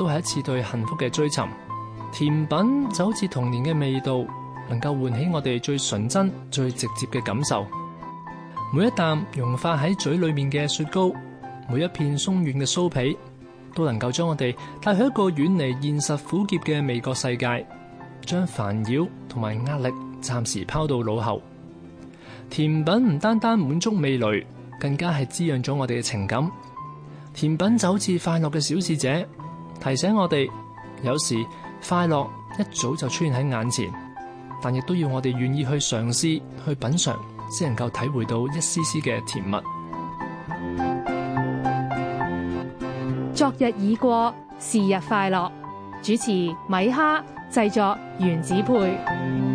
都係一次對幸福嘅追尋。甜品就好似童年嘅味道，能夠喚起我哋最純真、最直接嘅感受。每一啖融化喺嘴裏面嘅雪糕，每一片鬆軟嘅酥皮，都能夠將我哋帶去一個遠離現實苦澀嘅味覺世界，將煩擾同埋壓力暫時拋到腦後。甜品唔單單滿足味蕾，更加係滋養咗我哋嘅情感。甜品就好似快樂嘅小使者。提醒我哋，有時快樂一早就出現喺眼前，但亦都要我哋願意去嘗試、去品嘗，先能夠體會到一絲絲嘅甜蜜。昨日已過，是日快樂。主持米哈，製作原子配。